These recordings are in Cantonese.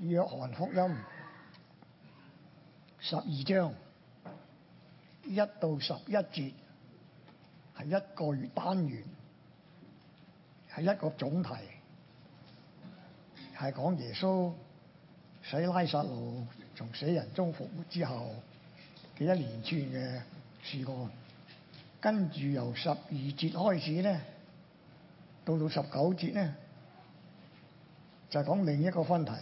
約翰、這個、福音十二章一到十一節係一個月單元，係一個總題係講耶穌使拉撒路從死人中復活之後嘅一連串嘅事幹。跟住由十二節開始咧，到到十九節咧，就係、是、講另一個分題。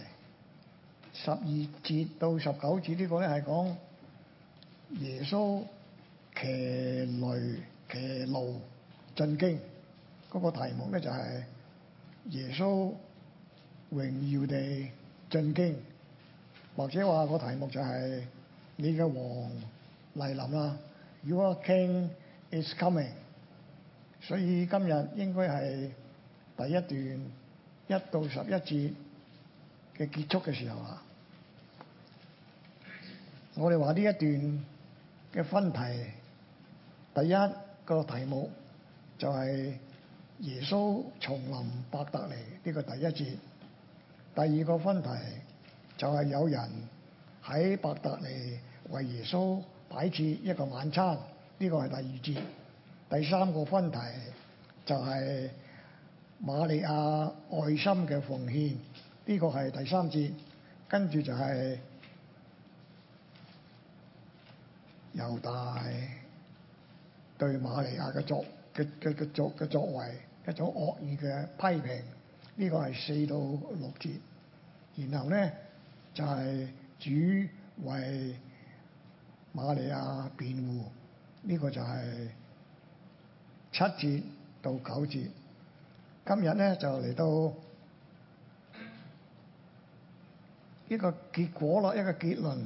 十二節到十九節呢、這個咧係講耶穌騎驢騎驢進京，嗰個題目咧就係耶穌榮耀地進京，或者話個題目就係、那個、你嘅王嚟臨啦。Your King is coming。所以今日應該係第一段一到十一節嘅結束嘅時候啊！我哋話呢一段嘅分題，第一個題目就係耶穌重臨伯特尼呢、呢個第一節，第二個分題就係有人喺伯特尼為耶穌擺設一個晚餐呢、呢個係第二節，第三個分題就係瑪利亞愛心嘅奉獻呢、呢個係第三節，跟住就係、是。猶大對瑪利亞嘅作嘅嘅嘅作嘅作為一種惡意嘅批評呢個係四到六節。然後咧就係、是、主為瑪利亞辯護呢個就係七節到九節。今日咧就嚟到一個結果咯，一個結論。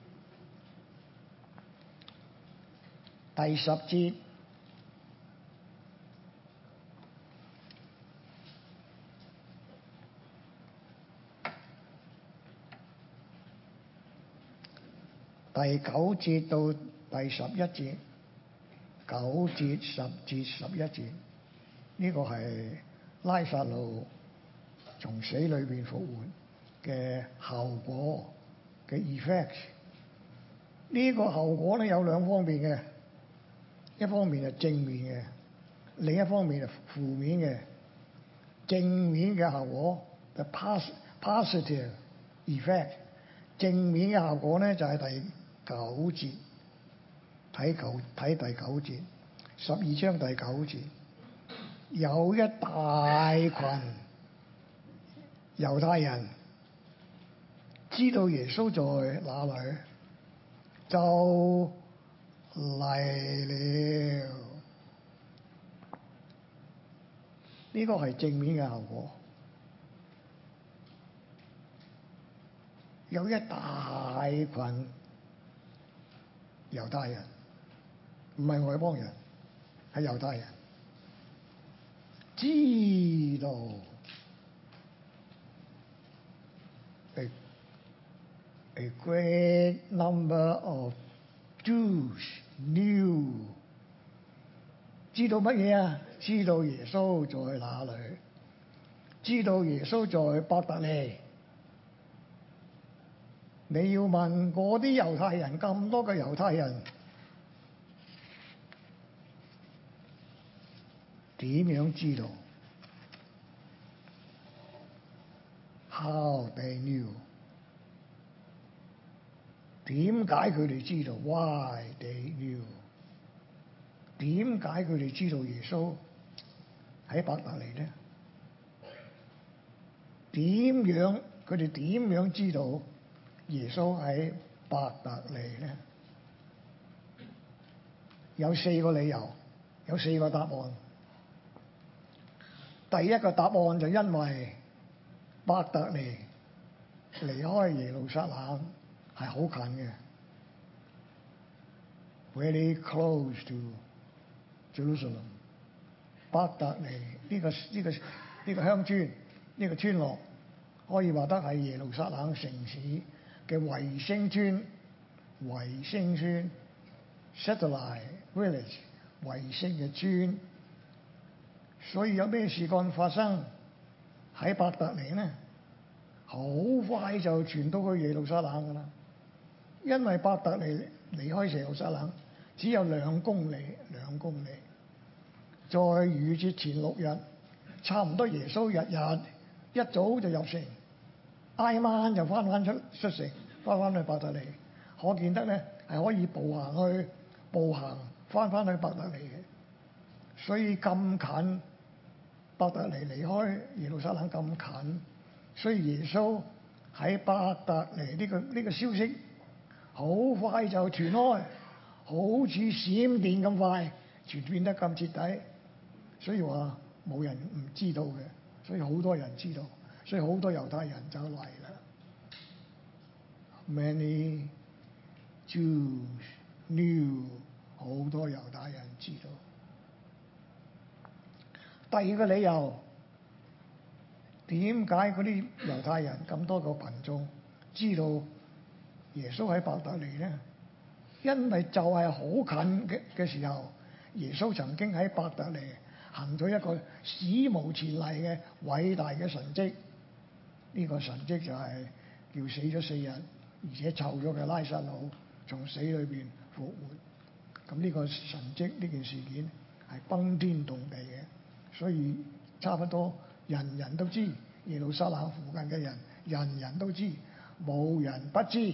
第十節、第九節到第十一節、九節、十節、十節、十一節，呢、這個係拉撒路從死裏邊復活嘅後果嘅 effects。這、呢個後果咧有兩方面嘅。一方面係正面嘅，另一方面係負面嘅。正面嘅效、效果就 positive effect。正面嘅效果咧就係第九節睇九睇第九節十二章第九節有一大群猶太人知道耶穌在哪裏就。嚟了！呢個係正面嘅效果，有一大群猶太人，唔係外邦人，係猶太人，知道。A, a great number of Jews。new，知道乜嘢啊？知道耶穌在哪裏？知道耶穌在伯大尼。你要問嗰啲猶太人，咁多嘅猶太人點樣知道？How they knew。點解佢哋知道？Why they knew？點解佢哋知道耶穌喺伯特利咧？點樣佢哋點樣知道耶穌喺伯特利咧？有四個理由，有四個答案。第一個答案就因為伯特利離開耶路撒冷。係好近嘅，very close to Jerusalem。伯大尼呢個呢個呢個鄉村呢個村落，可以話得係耶路撒冷城市嘅衛星村、衛星村、satellite village、衛星嘅村。所以有咩事幹發生喺伯大尼咧，好快就傳到去耶路撒冷噶啦。因為伯大尼離開耶路撒冷只有兩公里，兩公里。在逾節前六日，差唔多耶穌日日一早就入城，挨晚就翻翻出出城，翻翻去伯大尼，可見得咧，係可以步行去，步行翻翻去伯大尼嘅。所以咁近，伯大尼離開耶路撒冷咁近，所以耶穌喺伯大尼呢個呢個消息，好快就傳開，好似閃電咁快，傳變得咁徹底，所以話冇人唔知道嘅，所以好多人知道，所以好多猶太人就嚟啦。Many Jews knew 好多猶太人知道。第二個理由，點解嗰啲猶太人咁多個群眾知道？耶穌喺伯特利咧，因為就係好近嘅嘅時候，耶穌曾經喺伯特利行咗一個史無前例嘅偉大嘅神蹟。呢、這個神蹟就係叫死咗四日，而且臭咗嘅拉撒路從死裏邊復活。咁、這、呢個神蹟呢件事件係崩天動地嘅，所以差唔多人人都知耶路撒冷附近嘅人，人人都知，冇人不知。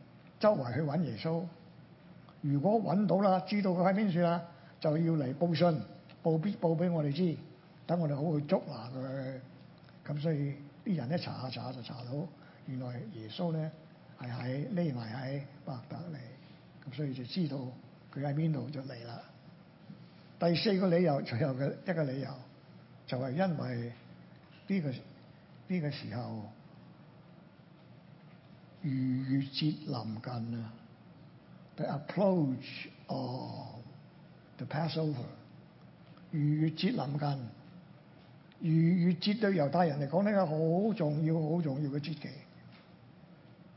周圍去揾耶穌，如果揾到啦，知道佢喺邊處啦，就要嚟報信，報必報俾我哋知，等我哋好去捉拿佢。咁所以啲人一查下查下就查到，原來耶穌咧係喺匿埋喺白特利。咁所以就知道佢喺邊度就嚟啦。第四個理由，最後嘅一個理由，就係因為呢個呢個時候。逾越節臨近啊，the approach of the Passover。逾越節臨近，逾越節對猶太人嚟講呢個好重要、好重要嘅節期。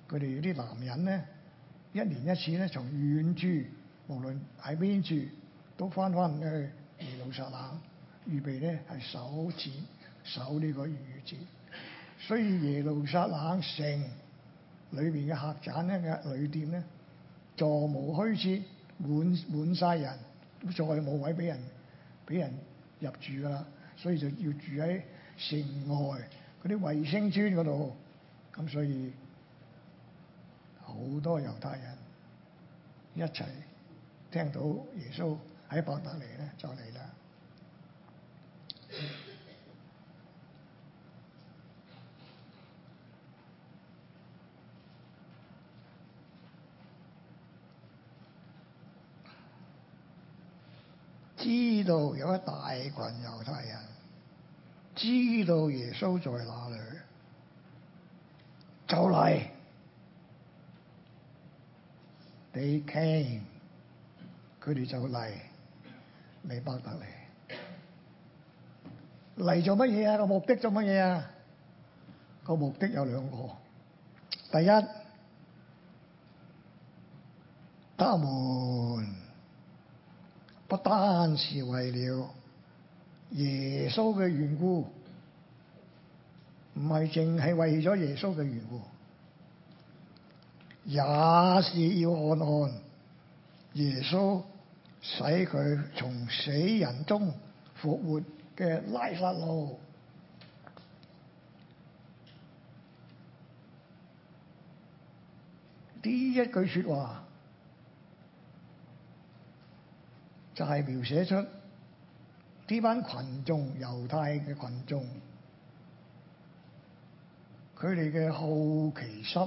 佢哋啲男人咧，一年一次咧，從遠處無論喺邊處，都翻翻去耶路撒冷，預備咧係守節、守呢個逾越節。所以耶路撒冷城。裏邊嘅客棧咧嘅旅店咧，座無虛設，滿滿晒人，再冇位俾人俾人入住啦，所以就要住喺城外嗰啲衛星村嗰度，咁所以好多猶太人一齊聽到耶穌喺伯大尼咧，就嚟啦。 知道有一大群猶太人知道耶穌在哪裏，就嚟。They came，佢哋就嚟，嚟伯得嚟嚟做乜嘢啊？個目的做乜嘢啊？個目的有兩個，第一，他們。不單是為了耶穌嘅緣故，唔係淨係為咗耶穌嘅緣故，也是要看看耶穌使佢從死人中復活嘅拉撒路呢一句說話。就係描寫出呢班群眾、猶太嘅群眾，佢哋嘅好奇心，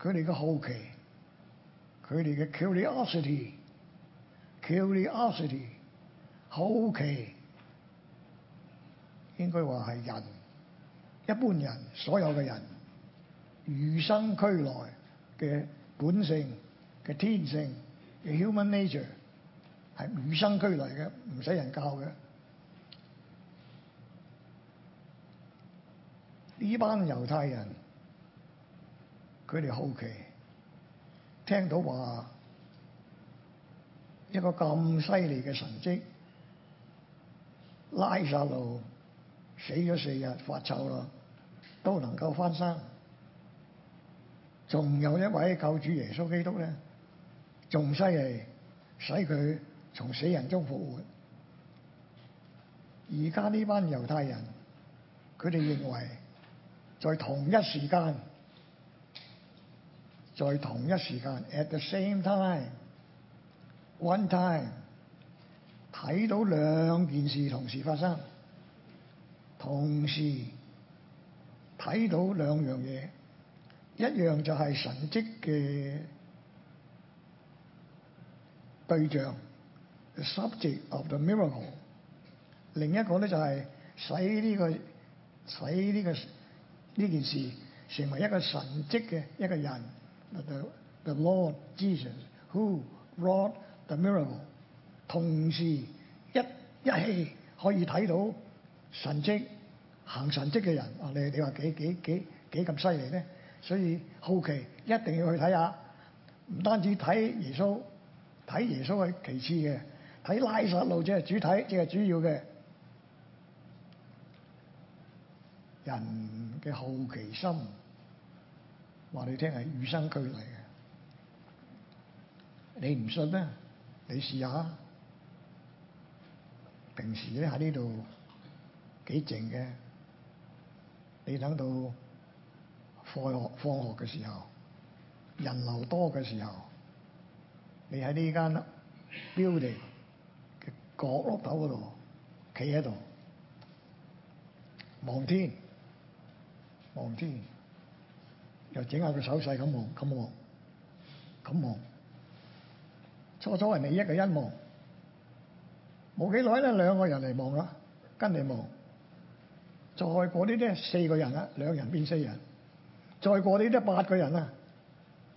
佢哋嘅好奇，佢哋嘅 curiosity，curiosity，cur 好奇，應該話係人，一般人所有嘅人，與生俱來嘅本性嘅天性。human nature 係與生俱來嘅，唔使人教嘅。呢班猶太人，佢哋好奇，聽到話一個咁犀利嘅神蹟，拉撒路死咗四日發臭啦，都能夠翻生，仲有一位救主耶穌基督咧？仲犀利，使佢從死人中復活。而家呢班猶太人，佢哋認為在同一時間，在同一時間，at the same time，one time，睇到兩件事同時發生，同時睇到兩樣嘢，一樣就係神蹟嘅。對象，the subject of the miracle。另一個咧就係使呢個使呢個呢件事成為一個神蹟嘅一個人，the the Lord Jesus who wrought the miracle。同時一一起可以睇到神蹟行神蹟嘅人，啊你你話幾幾幾幾咁犀利咧？所以好奇一定要去睇下，唔單止睇耶穌。睇耶穌係其次嘅，睇拉撒路即係主體，即係主要嘅。人嘅好奇心，話你聽係與生俱嚟嘅。你唔信咧，你試下。平時咧喺呢度幾靜嘅，你等到放學放學嘅時候，人流多嘅時候。你喺呢間 building 嘅角落頭嗰度企喺度望天望天，又整下個手勢咁望咁望咁望，初初係你一個一望，冇幾耐咧，兩個人嚟望啦，跟你望，再過呢啲四個人啦，兩人變四人，再過呢啲八個人啦，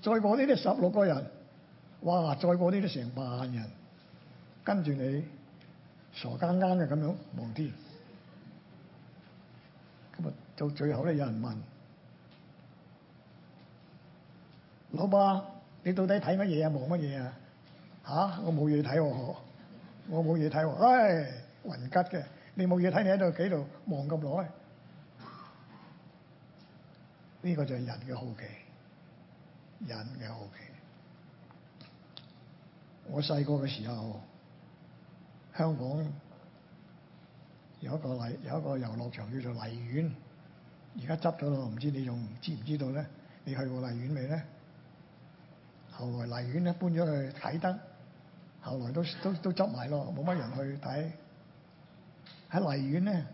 再過呢啲十六個人。哇！再過啲都成百萬人跟住你，傻更更嘅咁樣望天。咁啊，到最後咧，有人問：老伯，你到底睇乜嘢啊？望乜嘢啊？吓，我冇嘢睇，我冇嘢睇。唉、哎，雲吉嘅，你冇嘢睇，你喺度幾度望咁耐？呢、這個就係人嘅好奇，人嘅好奇。我細個嘅時候，香港有一個荔，有一個遊樂場叫做荔園，而家執咗咯，唔知你仲知唔知道咧？你去過荔園未咧？後來荔園咧搬咗去啟德，後來都都都執埋咯，冇乜人去睇。喺荔園咧，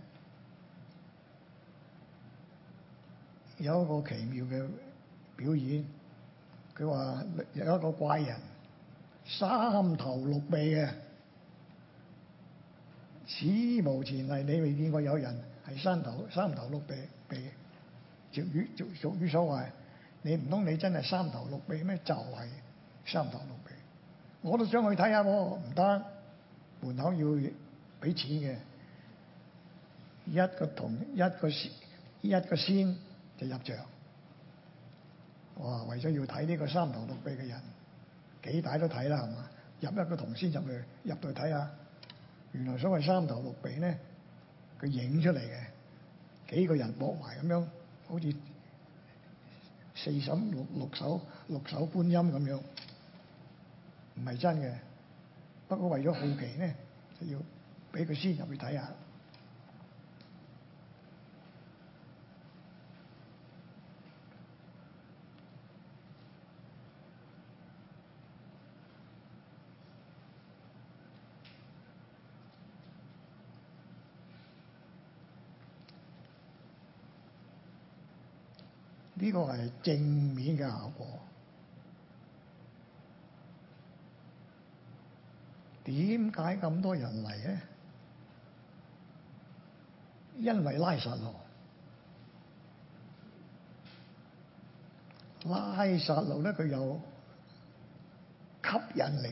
有一個奇妙嘅表演，佢話有一個怪人。三頭六臂嘅，史無前例，你未見過有人係三頭三頭六臂嘅，俗語俗俗語所謂，你唔通你真係三頭六臂咩？就係、是、三頭六臂，我都想去睇下喎，唔得，門口要俾錢嘅，一個銅一個仙，一個仙就入場，哇！為咗要睇呢個三頭六臂嘅人。幾大都睇啦，係嘛？入一個童子先入去，入去睇下，原來所謂三頭六臂咧，佢影出嚟嘅幾個人搏埋咁樣，好似四手六六手六手觀音咁樣，唔係真嘅。不過為咗好奇咧，就要俾佢先入去睇下。呢個係正面嘅效果。點解咁多人嚟咧？因為拉撒路。拉撒路咧，佢有吸引力。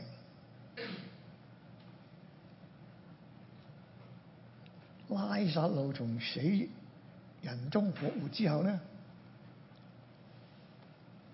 拉撒路從死人中復活之後咧。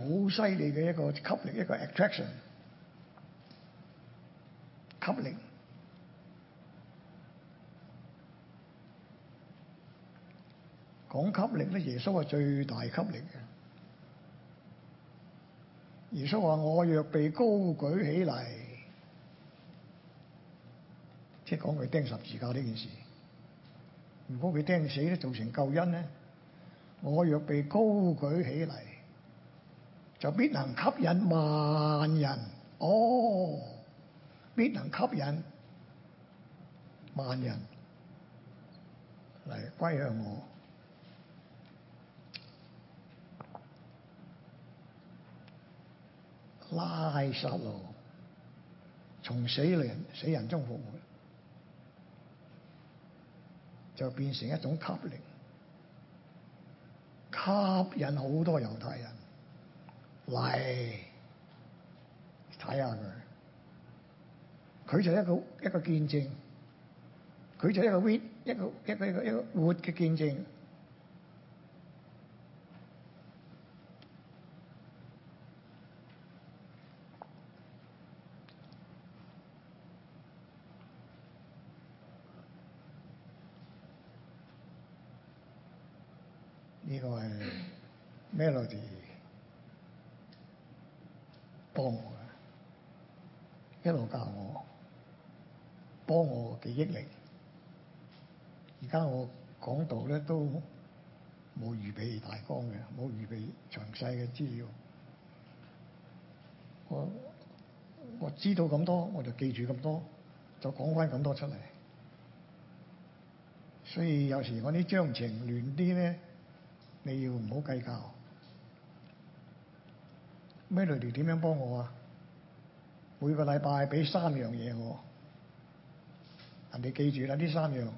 好犀利嘅一個吸力，一個 attraction，吸力。講吸力咧，耶穌係最大吸力嘅。耶穌話，我若被高舉起嚟，即係講佢釘十字架呢件事。如果佢釘死咧，造成救恩咧，我若被高舉起嚟。就必能吸引萬人哦！必能吸引萬人嚟歸向我。拉撒路從死靈死人中復活，就變成一種吸力，吸引好多猶太人。嚟睇下佢，佢就一個一個見證，佢就一個 V，一個一個一個活嘅見證。呢、這個係咩邏輯？幫我嘅，一路教我，幫我記憶力。而家我講到咧都冇預備大綱嘅，冇預備詳細嘅資料。我我知道咁多，我就記住咁多，就講翻咁多出嚟。所以有時我啲章程亂啲咧，你要唔好計較。咩內容點樣幫我啊？每個禮拜俾三樣嘢我，人哋記住啦，呢三樣，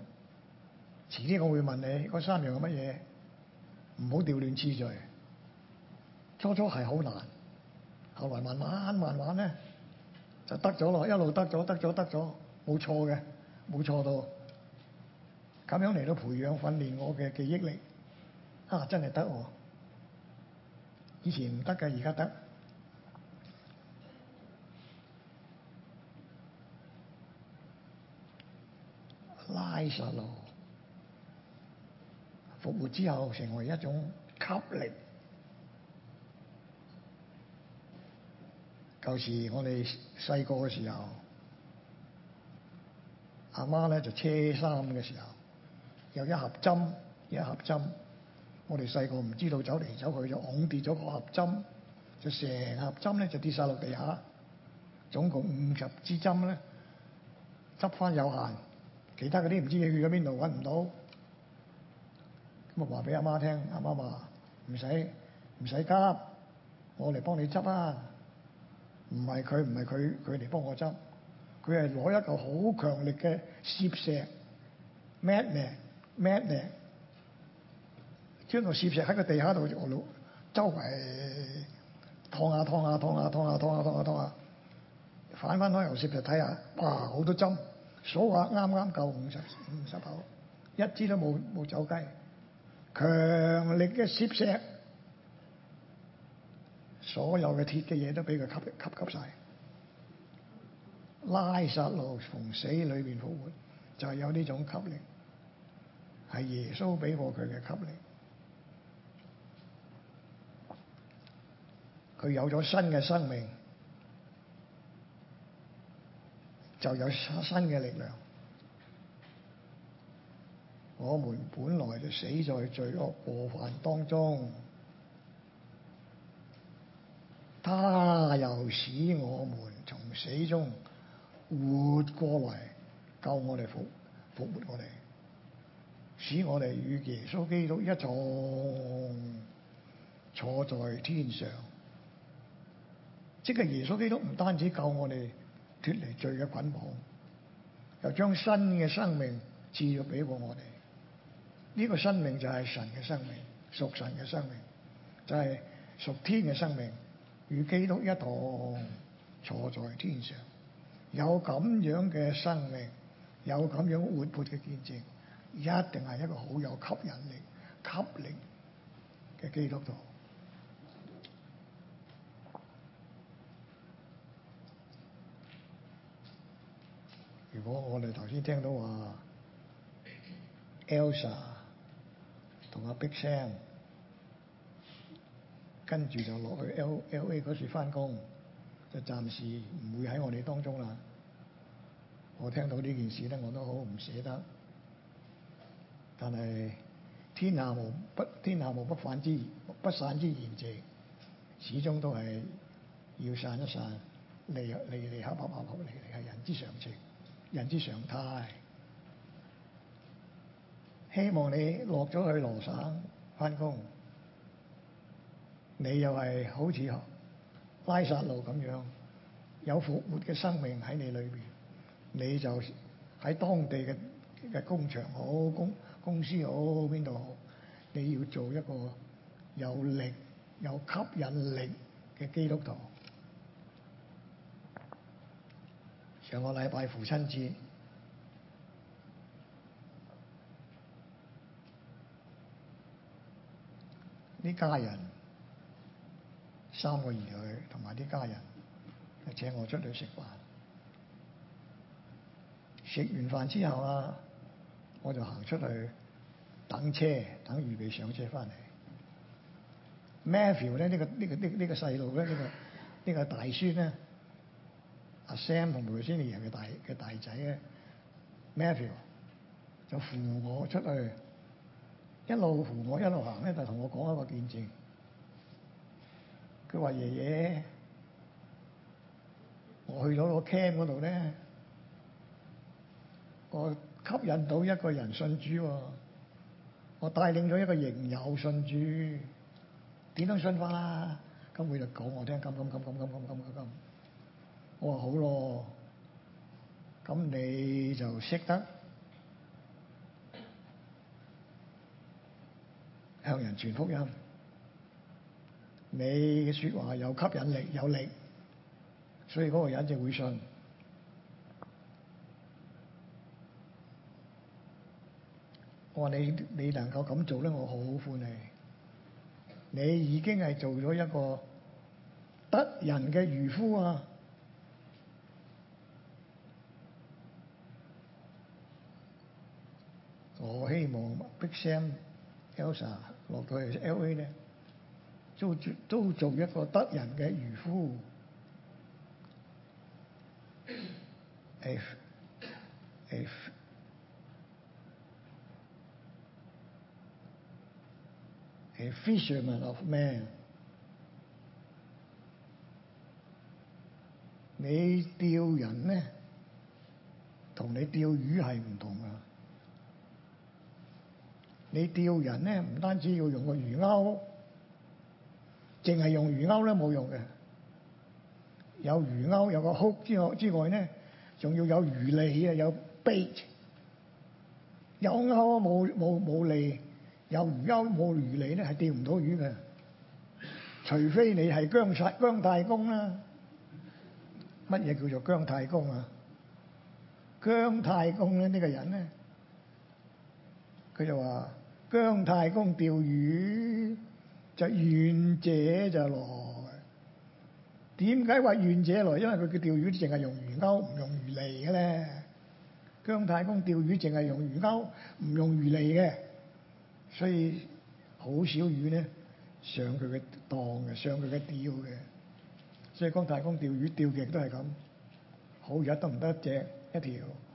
遲啲我會問你，嗰三樣係乜嘢？唔好調亂次序。初初係好難，後來慢慢慢慢咧，就得咗咯，一路得咗得咗得咗，冇錯嘅，冇錯到。咁樣嚟到培養訓練我嘅記憶力，啊，真係得我，以前唔得嘅，而家得。拉撒路復活之後成為一種吸力。舊時我哋細個嘅時候，阿媽咧就車衫嘅時候，有一盒針，一盒針。我哋細個唔知道走嚟走去，就㧬跌咗個盒針，就成盒針咧就跌晒落地下。總共五十支針咧，執翻有限。其他嗰啲唔知嘢，佢喺邊度揾唔到，咁啊話俾阿媽聽，阿媽話唔使唔使急，我嚟幫你執啊！唔係佢唔係佢，佢嚟幫我執，佢係攞一個好強力嘅攝石，madman madman，將個攝石喺個地下度，周圍燙下燙下燙下燙下燙下燙下燙下，反翻開又攝石睇下，哇好多針！數下啱啱夠五十五十口，一支都冇冇走雞。強力嘅攝石，所有嘅鐵嘅嘢都俾佢吸,吸吸吸曬。拉撒路，從死裏邊復活，就係、是、有呢種吸力，係耶穌俾過佢嘅吸力。佢有咗新嘅生命。就有新嘅力量。我們本來就死在罪惡過犯當中，他又使我們從死中活過來，救我哋復復活我哋，使我哋與耶穌基督一同坐在天上。即係耶穌基督唔單止救我哋。脫離罪嘅捆綁，又將新嘅生命賜咗俾過我哋。呢、這個生命就係神嘅生命，屬神嘅生命，就係、是、屬天嘅生命，與基督一同坐在天上。有咁樣嘅生命，有咁樣活潑嘅見證，一定係一個好有吸引力、吸力嘅基督徒。如果我哋頭先聽到話 Elsa 同阿 Bian 跟住，就落去 L L A 嗰處翻工，就暫時唔會喺我哋當中啦。我聽到呢件事咧，我都好唔捨得。但係天，天下無不天下無不反之不散之筵席，始終都係要散一散，離離離合合合離離，係人之常情。人之常態，希望你落咗去羅省返工，你又係好似拉撒路咁樣，有復活嘅生命喺你裏邊，你就喺當地嘅嘅工場好，公公司好，邊度好，你要做一個有力、有吸引力嘅基督徒。上個禮拜父親節，啲家人，三個兒女同埋啲家人，嚟請我出去食飯。食完飯之後啊，我就行出去等車，等預備上車翻嚟。Matthew 呢、呢個呢、呢個呢呢、呢個細路咧，呢、呢個呢、呢個呢個大孫咧。阿 Sam 同 Rosie 嘅大嘅大仔咧，Matthew 就扶我出去，一路扶我一路行咧，就同我講一個見證，佢話，爺爺，我去咗個 camp 度咧，我吸引到一個人信主，我帶領咗一個營友信主。點樣信法啊，咁佢就講我聽咁咁咁咁咁咁咁咁。跟跟跟跟跟跟跟跟我話好咯，咁你就識得向人傳福音，你嘅說話有吸引力，有力，所以嗰個人就會信。我話你你能夠咁做呢，我好歡喜。你已經係做咗一個得人嘅漁夫啊！我希望 Bixsen Elsa 落去 L.A. 咧，都做，做，做一個得人嘅漁夫，係係係 fisherman of man 你。你釣人咧，同你釣魚係唔同㗎。你釣人咧，唔單止要用個魚鈎，淨係用魚鈎咧冇用嘅。有魚鈎有個 hook 之外之外咧，仲要有魚脷啊，有 bait。有鈎冇冇冇脷，有魚鈎冇魚脷咧，係釣唔到魚嘅。除非你係姜太姜太公啦。乜嘢叫做姜太公啊？姜太公咧呢個人咧，佢就話。姜太公釣魚，就願者就來。點解話願者來？因為佢嘅釣魚淨係用魚鈎，唔用魚餌嘅咧。姜太公釣魚淨係用魚鈎，唔用魚餌嘅，所以好少魚咧上佢嘅當嘅，上佢嘅釣嘅。所以姜太公釣魚釣極都係咁，好日都唔得一隻，一條？一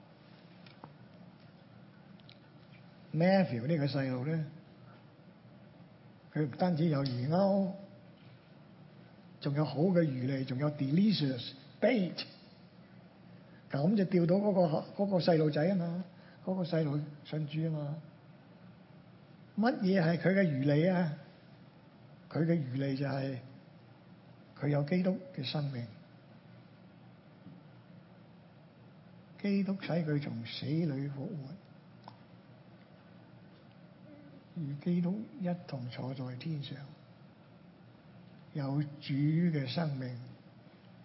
Matthew 呢個細路咧，佢唔單止有魚鈎，仲有好嘅魚餌，仲有 delicious bait。咁就釣到嗰個嗰個細路仔啊嘛，嗰個細路信主啊嘛。乜嘢係佢嘅魚餌啊？佢嘅魚餌就係佢有基督嘅生命，基督使佢從死裡復活。與基督一同坐在天上，有主嘅生命，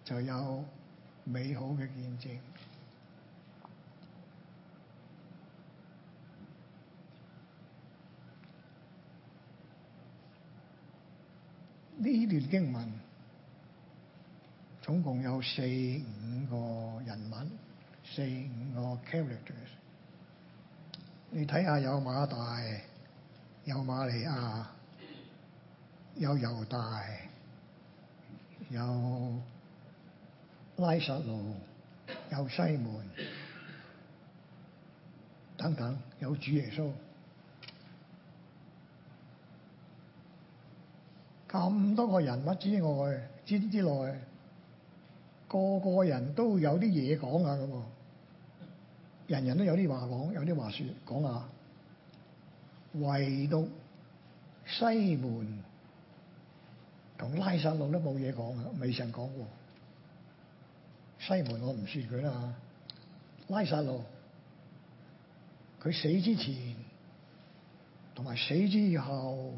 就有美好嘅見證。呢段經文總共有四五個人物，四五個 characters。你睇下有馬大。有瑪利亞，有猶大，有拉撒路，有西門，等等，有主耶穌，咁多個人物之外，之之內，個個人都有啲嘢講啊，嗰個人人都有啲話講，有啲話說講下。說說唯獨西門同拉撒路都冇嘢講啊，未曾講過。西門我唔算佢啦，拉撒路佢死之前同埋死之後，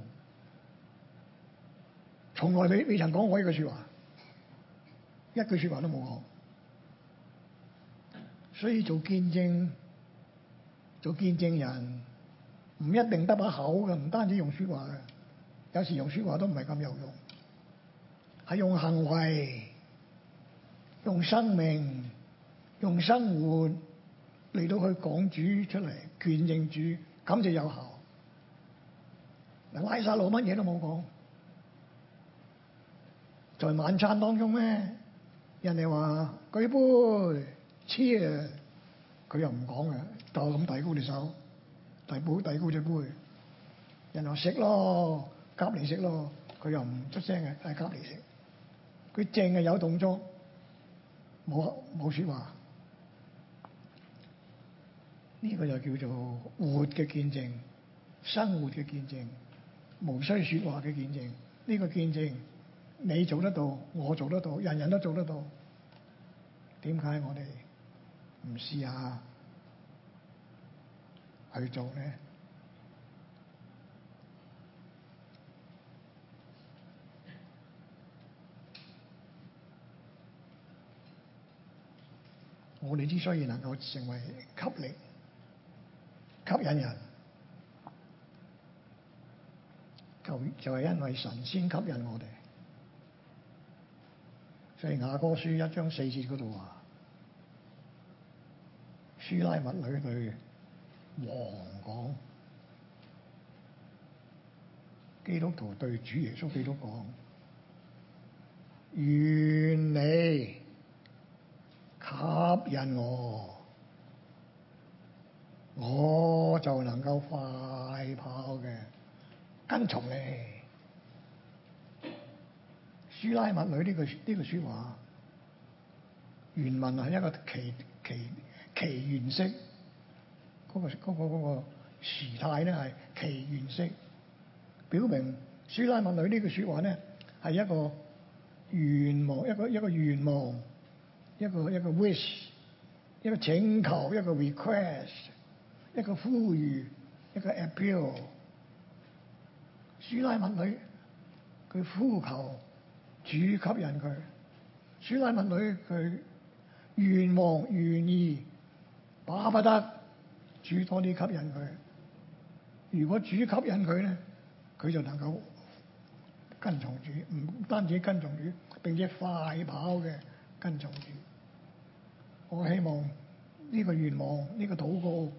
從來未未曾講過呢句說話，一句說話都冇講。所以做見證，做見證人。唔一定得把口嘅，唔單止用説話嘅，有時用説話都唔係咁有用，係用行為、用生命、用生活嚟到去講主出嚟，權認主，咁就有效。拉撒路乜嘢都冇講，在晚餐當中咧，人哋話舉杯、cheer，佢又唔講嘅，就咁遞高隻手。提杯遞高隻杯，人又食咯，夾嚟食咯，佢又唔出聲嘅，係夾嚟食。佢淨係有動作，冇冇説話。呢個就叫做活嘅見證，生活嘅見證，無需説話嘅見證。呢、呢個見證，你做得到，我做得到，人人都做得到。點解我哋唔試下？去做咧，我哋之所以能夠成為吸力、吸引人，就就係因為神先吸引我哋。所以雅歌書一章四節嗰度話，書拉密女女。王講，基督徒對主耶穌基督講：願你吸引我，我就能夠快跑嘅，跟從你。書拉密女呢句呢句說話，原文係一個祈祈祈使式。嗰個、嗰個、嗰個時態咧係祈願式，表明《書拉文女》呢句說話咧係一個願望，一個一個願望，一個一個 wish，一個請求，一個 request，一個呼籲，一個 appeal。書拉文女佢呼求主吸引佢，書拉文女佢願望願意巴不得。主多啲吸引佢。如果主吸引佢咧，佢就能夠跟從主，唔單止跟從主，並且快跑嘅跟從主。我希望呢個願望，呢個禱告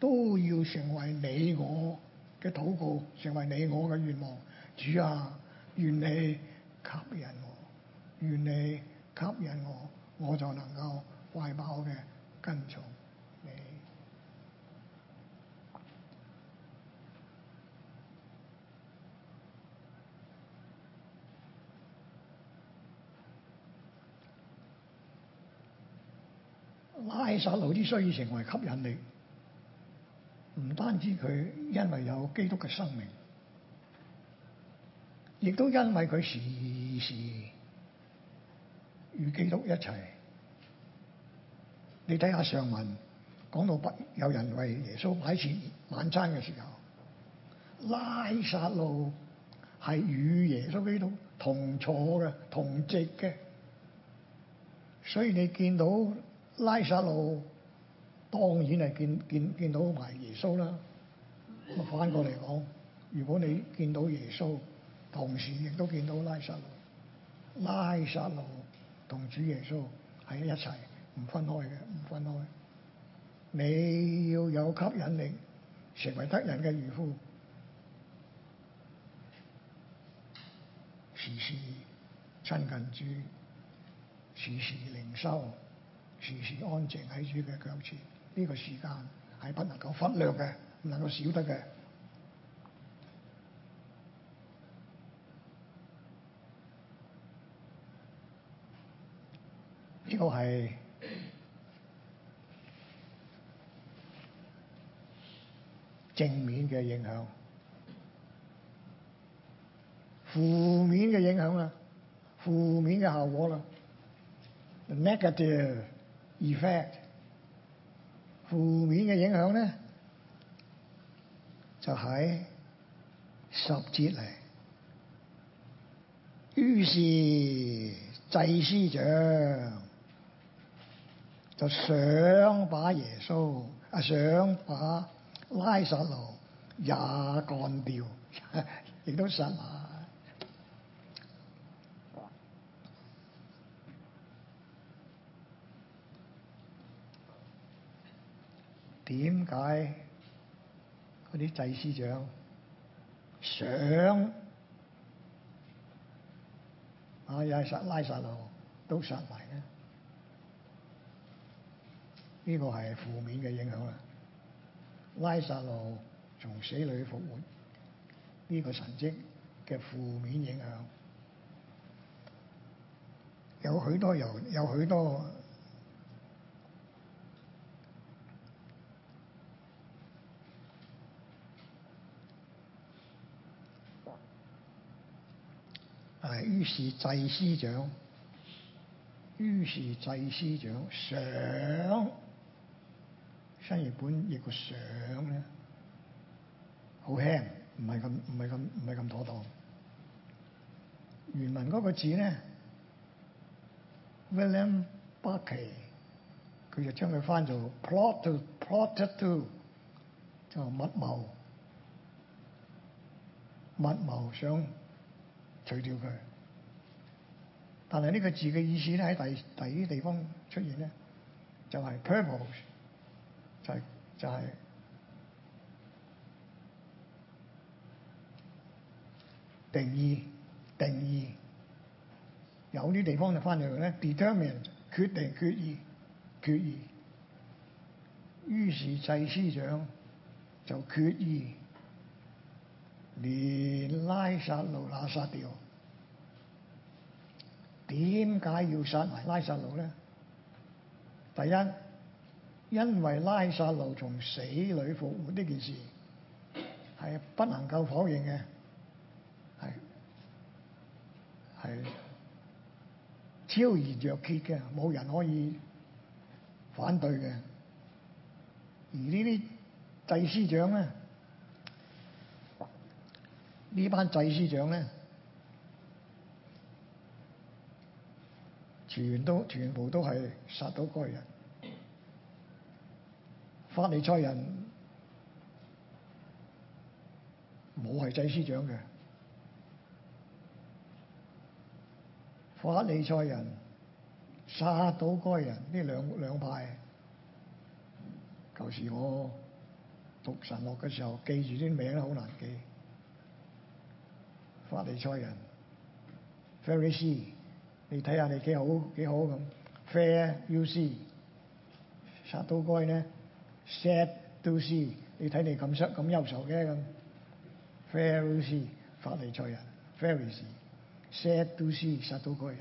都要成為你我嘅禱告，成為你我嘅願望。主啊，願你吸引我，願你吸引我，我就能夠快跑嘅跟從。拉撒路之所以成為吸引力，唔單止佢因為有基督嘅生命，亦都因為佢時時與基督一齊。你睇下上文，講到有人為耶穌擺設晚餐嘅時候，拉撒路係與耶穌基督同坐嘅，同席嘅，所以你見到。拉撒路當然係見見見到埋耶穌啦。咁啊反過嚟講，如果你見到耶穌，同時亦都見到拉撒路，拉撒路同主耶穌喺一齊，唔分開嘅，唔分開，你要有吸引力，成為得人嘅漁夫，時時親近主，時時靈修。時時安靜喺主嘅腳前，呢個時間係不能夠忽略嘅，唔能夠少得嘅。呢個係正面嘅影響，負面嘅影響啦，負面嘅效果啦，negative。effect 負面嘅影響咧，就喺十節嚟。於是祭司長就想把耶穌啊，想把拉撒路也幹掉，亦 都殺馬。點解嗰啲祭司長想啊又係拉撒路都殺埋呢？呢個係負面嘅影響啦。拉撒路從死裏復活，呢個神蹟嘅負面影響，有許多有有許多。係，於是祭司長，於是祭司長上。新約本亦個上」咧，好輕，唔係咁，唔係咁，唔係咁妥當。原文嗰個字咧，William 巴奇，佢就將佢翻做 plot to plot to，就密謀，密謀想。除掉佢，但係呢個字嘅意思咧，喺第第啲地方出現咧，就係、是、purpose 就係、是、就係、是、定義定義，有啲地方就翻咗嚟咧，determine 決定決議決議，於是祭司長就決議。連拉撒路那殺掉，點解要殺埋拉撒路咧？第一，因為拉撒路從死裏復活呢件事係不能夠否認嘅，係係昭然若揭嘅，冇人可以反對嘅。而呢啲祭司長咧？呢班祭司長咧，全都全部都係殺到該人。法利賽人冇係祭司長嘅，法利賽人殺到該人。呢兩兩派，舊時我讀神學嘅時候，記住啲名好難記。法利賽人，very see，你睇下你幾好幾好咁，fair you see，撒都該呢，sad to see，你睇你咁衰咁憂愁嘅咁，fair you see，法利賽人，very see，sad to see，撒都該人。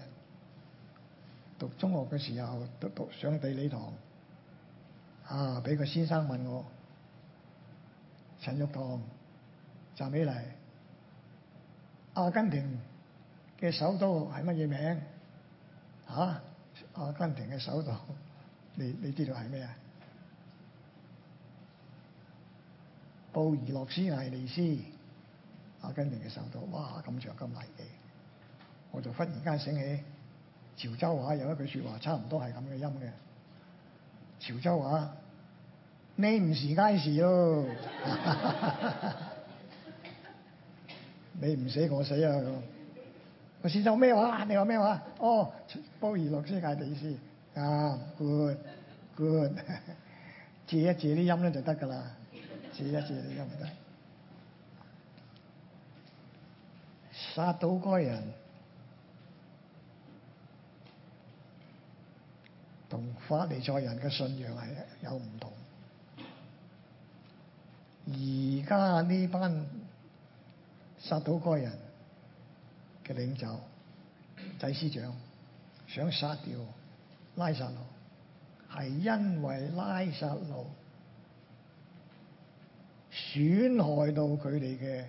讀中學嘅時候，讀讀上地理堂，啊，俾個先生問我，陳玉棠，站起嚟。阿根廷嘅首都係乜嘢名？嚇、啊！阿根廷嘅首都，你你知道係咩啊？布宜諾斯艾利斯，阿根廷嘅首都，哇！咁長咁危機，我就忽然間醒起潮州話有一句説話，差唔多係咁嘅音嘅。潮州話：你唔時街時咯。 你唔死我死啊！我先首咩話？你話咩話？哦，波爾諾斯亞底斯啊，good good， 借一借啲音咧就得㗎喇，借一借啲音就得。撒 都該人同法利賽人嘅信仰係有唔同。而家呢班。殺到嗰個人嘅領袖，祭司長想殺掉拉撒路，係因為拉撒路損害到佢哋嘅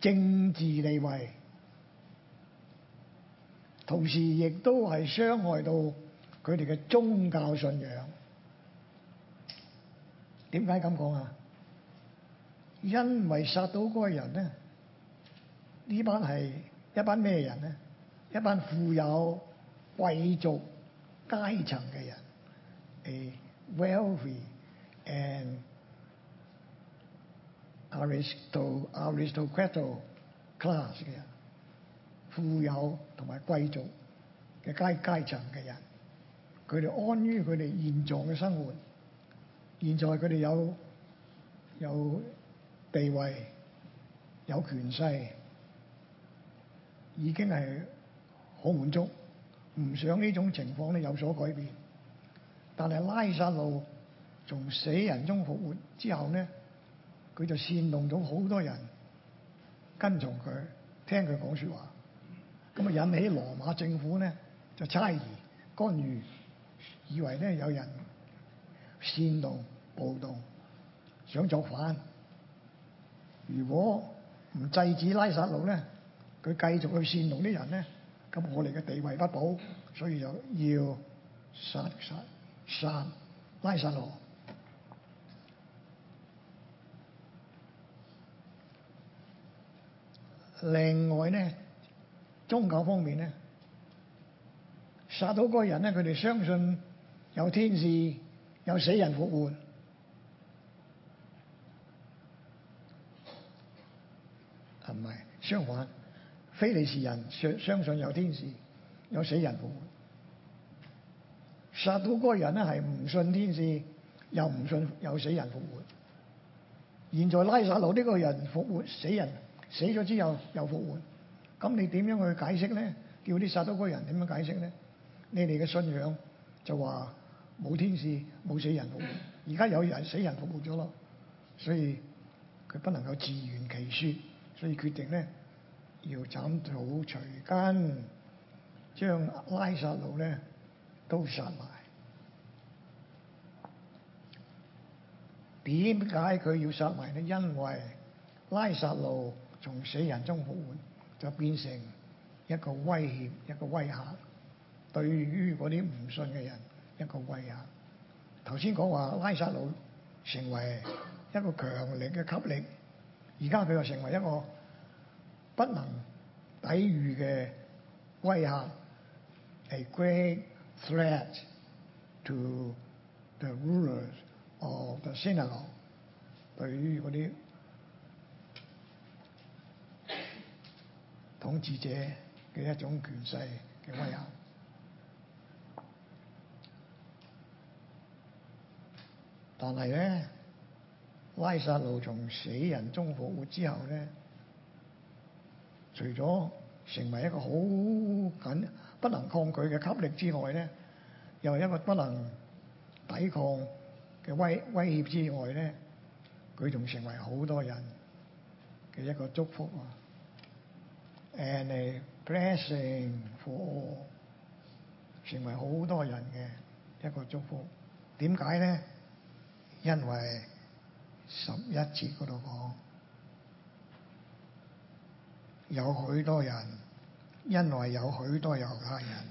政治地位，同時亦都係傷害到佢哋嘅宗教信仰。點解咁講啊？因為殺到嗰個人呢。呢班係一班咩人咧？一班富有貴族階層嘅人，誒，wealthy and aristocratic class 嘅人，富有同埋貴族嘅階階層嘅人，佢哋安於佢哋現狀嘅生活，現在佢哋有有地位、有權勢。已經係好滿足，唔想呢種情況咧有所改變。但係拉撒路從死人中復活之後咧，佢就煽動咗好多人跟從佢，聽佢講説話。咁啊，引起羅馬政府咧就猜疑、干預，以為咧有人煽動暴動，想作反。如果唔制止拉撒路咧？佢繼續去煽動啲人呢，咁我哋嘅地位不保，所以就要殺殺殺，拉撒路。另外呢，宗教方面呢，殺到個人呢，佢哋相信有天使，有死人復活,活，係咪、啊、相反？法利賽人信相信有天使，有死人復活。撒都該人咧係唔信天使，又唔信有死人復活。現在拉撒路呢個人復活，死人死咗之後又復活，咁你點樣去解釋咧？叫啲撒都該人點樣解釋咧？你哋嘅信仰就話冇天使，冇死人復活。而家有人死人復活咗咯，所以佢不能夠自圓其說，所以決定咧。要斬草除根，將拉撒路咧都殺埋。點解佢要殺埋咧？因為拉撒路從死人中復活，就變成一個威脅，一個威嚇。對於嗰啲唔信嘅人，一個威嚇。頭先講話拉撒路成為一個強力嘅吸力，而家佢又成為一個。不能抵禦嘅威嚇係 a great threat to the rulers of the synagogue，對於嗰啲統治者嘅一種權勢嘅威嚇，但係咧，拉薩路從死人中復活之後咧。除咗成為一個好緊，不能抗拒嘅吸力之外咧，又係一個不能抵抗嘅威威脅之外咧，佢仲成為好多人嘅一個祝福啊，and a blessing for 成為好多人嘅一個祝福。點解咧？因為十一節度講。有許多人，因為有許多猶太人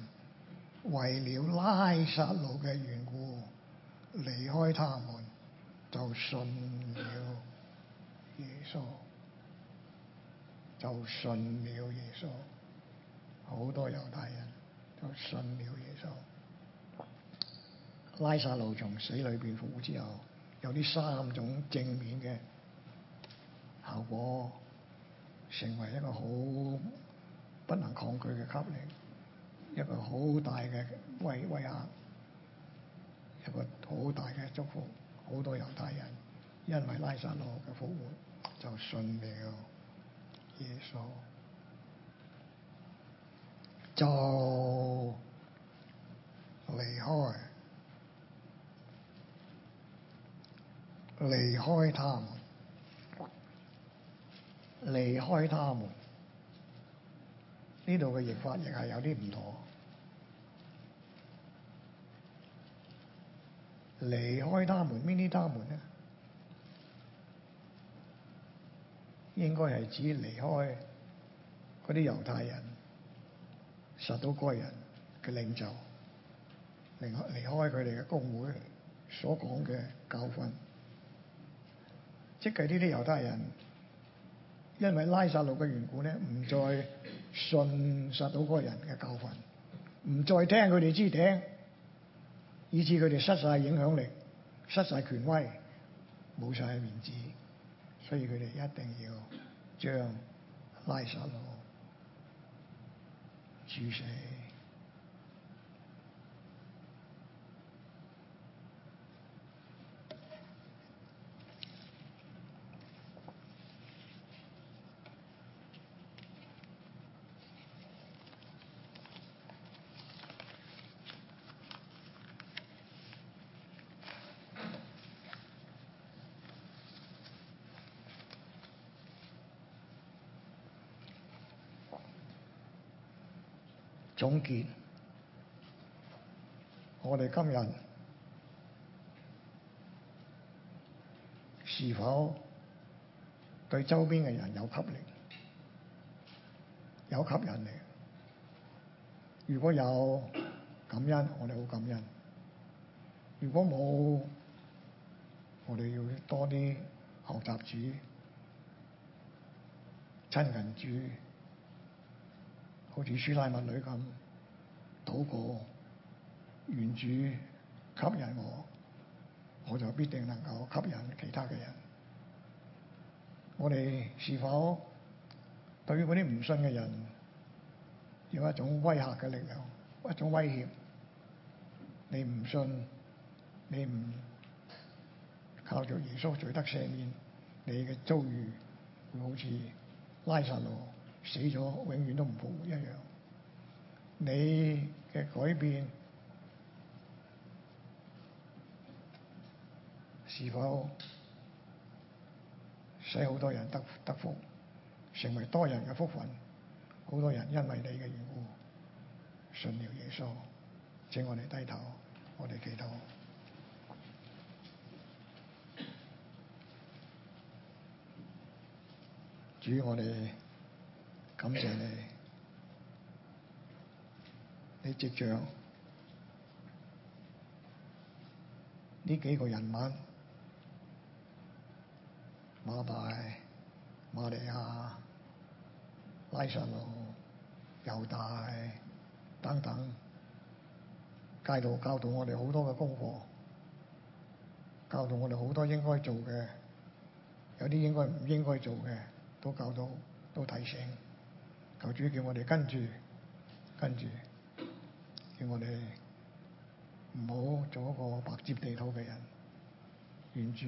為了拉撒路嘅緣故離開他們，就信了耶穌，就信了耶穌。好多猶太人都信了耶穌。拉撒路從死裏邊復活之後，有啲三種正面嘅效果。成為一個好不能抗拒嘅吸引力，一個好大嘅威威嚇，一個好大嘅祝福。好多猶太人因為拉撒路嘅復活就信了耶穌，就離開離開他們。離開他們，呢度嘅譯法亦係有啲唔妥。離開他們，邊啲他們呢？應該係指離開嗰啲猶太人、撒都該人嘅領袖，離離開佢哋嘅公會所講嘅教訓，即係呢啲猶太人。因為拉撒路嘅緣故咧，唔再信撒到嗰人嘅教訓，唔再聽佢哋之聽，以致佢哋失晒影響力，失晒權威，冇晒面子，所以佢哋一定要將拉撒路處死。總結，我哋今日是否對周邊嘅人有吸引力，有吸引力？如果有感恩，我哋好感恩；如果冇，我哋要多啲學習主、親近主。好似舒拉密女咁，禱告，願主吸引我，我就必定能夠吸引其他嘅人。我哋是否對於啲唔信嘅人，有一種威嚇嘅力量，一種威脅？你唔信，你唔靠住耶穌罪得赦免，你嘅遭遇會好似拉撒路，死咗永遠都唔好一樣。你嘅改變是否使好多人得得福，成為多人嘅福份？好多人因為你嘅緣故信了耶穌，請我哋低頭，我哋祈禱。 主，我哋。感謝你。你接著呢幾個人物，馬大、馬利亞、拉撒路、猶大等等，教導我哋好多嘅功課，教導我哋好多應該做嘅，有啲應該唔應該做嘅，都教導，都提醒。求主叫我哋跟住，跟住，叫我哋唔好做一個白佔地土嘅人。願主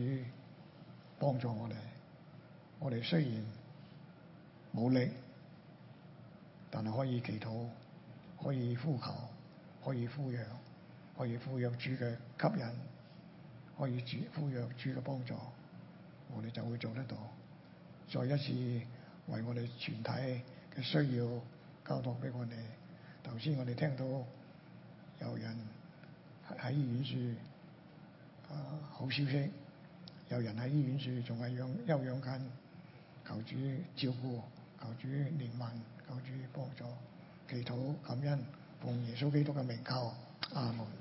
幫助我哋。我哋雖然冇力，但係可以祈禱，可以呼求，可以呼揚，可以呼揚主嘅吸引，可以呼主呼揚主嘅幫助，我哋就會做得到。再一次為我哋全體。需要交託俾我哋。頭先我哋聽到有人喺醫院住，啊、呃、好消息！有人喺醫院住，仲係養休養緊，求主照顧，求主憐憫，求主幫助，祈禱感恩，奉耶穌基督嘅名求，阿門。